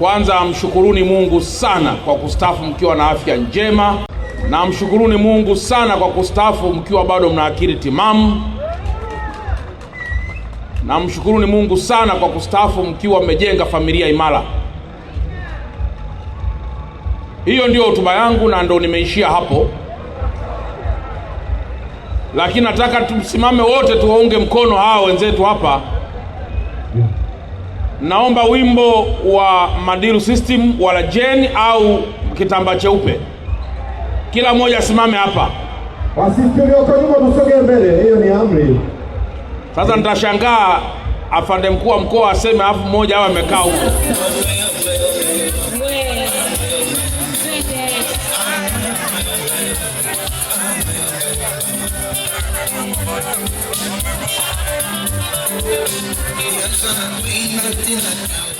Kwanza mshukuruni Mungu sana kwa kustafu mkiwa na afya njema, na mshukuruni Mungu sana kwa kustafu mkiwa bado mna akili timamu, na mshukuruni Mungu sana kwa kustafu mkiwa mmejenga familia imara. Hiyo ndiyo hotuba yangu na ndo nimeishia hapo, lakini nataka tusimame wote tuwaunge mkono hawa wenzetu hapa naomba wimbo wa Madilu System wala Jeni au kitambaa cheupe, kila mmoja asimame hapa. Wasisi ulioko nyuma tusogee mbele, hiyo ni amri. Sasa nitashangaa afande mkuu wa mkoa aseme afu mmoja awe amekaa huko. I'm gonna in nothing.